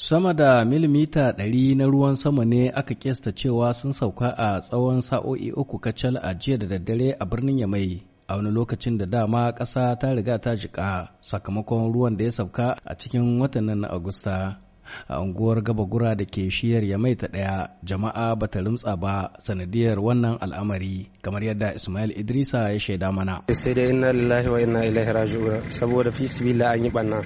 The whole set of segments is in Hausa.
Sama da milimita ɗari na ruwan sama ne aka kesta cewa sun sauka a tsawon sa'o'i uku kacal a jiya da daddare a birnin Yamai. A wani lokacin da dama ƙasa ta riga ta jiƙa sakamakon ruwan da ya sauka a cikin watan na Agusta. a unguwar gaba gura da ke shiyar ya ta ɗaya jama'a ba ta rimtsa ba sanadiyar wannan al'amari kamar yadda ismail idrisa ya shaida mana sai dai inna lillahi wa inna ilaihi raji'un saboda fi sibilla an yi banna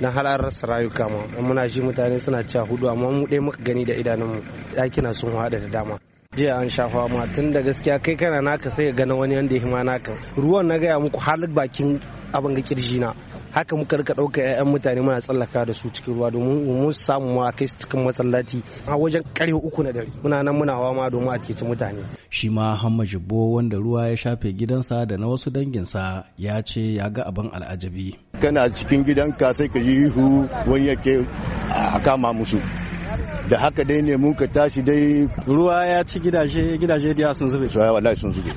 dan har an rasa rayuka ma muna ji mutane suna cewa hudu amma mu dai muka gani da idanun mu ɗakina sun haɗa da dama jiya an shafa ma tun da gaskiya kai kana naka sai ga wani wanda ya hima naka ruwan na gaya muku halin bakin abin ga kirji na haka muka rika ɗauka 'ya'yan mutane muna tsallaka da su cikin ruwa domin mu samu ma kai cikin masallaci a wajen kare uku na dare muna nan muna hawa ma domin a ceci mutane shi ma hamma jibbo wanda ruwa ya shafe gidansa da na wasu danginsa ya ce ya ga abin al'ajabi kana cikin gidanka sai ka yi hu wani yake a kama musu da haka dai ne mun ka tashi dai ruwa ya ci gidaje gidaje da sun zube so wallahi sun zube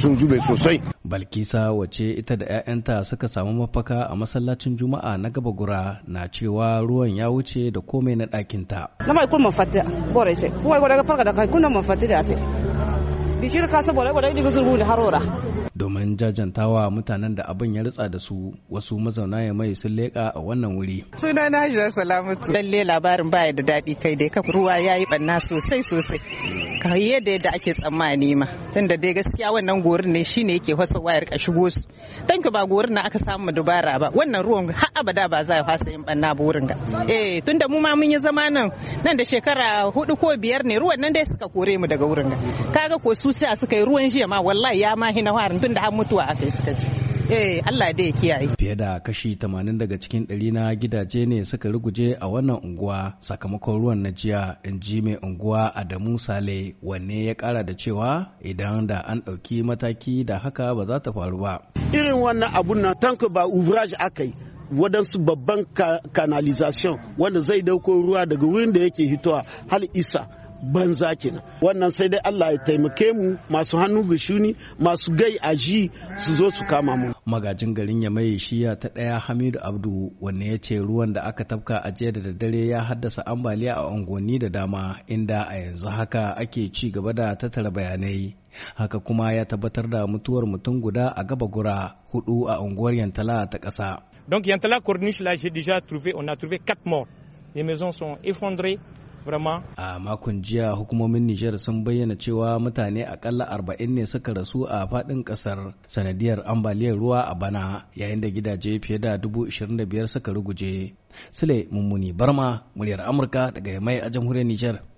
sun zube sosai Balkisa wace ita da 'ya'yanta suka samu mafaka a masallacin Juma'a na gaba gura na cewa ruwan ya wuce da komai na ɗakinta. Na mai kuma fatta bore sai, kuma gwada ga farka da kai kuna mafatta da sai. Bishir ka saboda da gizo ruwa da harora. domin jajantawa mutanen da abin ya ritsa da su wasu mazauna ya mai sun leƙa a wannan wuri. Suna na Hajira Salamatu. Lalle labarin baya da daɗi kai dai kafa ruwa ya yi ɓanna sosai sosai. Ka yadda yadda ake tsammani ma. Tunda dai gaskiya wannan gorin ne shi ne yake fasa wayar ka shigo su. Tanka ba gorin na aka samu dubara ba. Wannan ruwan har abada ba za a fasa yin ɓanna ba wurin ga. Eh tunda mu ma mun yi zama nan nan da shekara hudu ko biyar ne ruwan nan dai suka kore mu daga wurin ga. Kaga ko su sai suka yi ruwan jiya ma wallahi ya ma hina warin tun da an mutuwa aka suka ji eh Allah dai ya kiyaye fiye da kashi tamanin daga cikin ɗari na gidaje ne suka ruguje a wannan unguwa sakamakon ruwan na jiya in ji mai unguwa Adamu Sale wanne ya kara da cewa idan da an ɗauki mataki da haka ba za ta faru ba irin wannan abun nan tanka ba ouvrage akai wadansu babban canalization wanda zai dauko ruwa daga wurin da yake hitowa hal isa banza kenan wannan sai dai Allah ya taimake mu masu hannu gishuni masu gai aji su zo su kama mu magajin garin ya mai shiya ta daya Hamidu Abdu wanne ya ce ruwan da aka tafka a jiya da daddare ya haddasa ambaliya a unguwanni da dama inda a yanzu haka ake ci gaba da tattara bayanai haka kuma ya tabbatar da mutuwar mutum guda a gaba gura hudu a unguwar Yantala ta ƙasa. Donc Yantala Corniche là j'ai déjà trouvé on a trouvé quatre morts. Les maisons sont effondrées, A makon jiya hukumomin Nijar sun bayyana cewa mutane akalla arba'in ne suka rasu a fadin ƙasar sanadiyar ambaliyar ruwa a bana yayin da gidaje fiye da dubu ishirin biyar suka ruguje. Sule Mummuni Barma, muryar Amurka daga Yamai a jamhuriyar Nijar.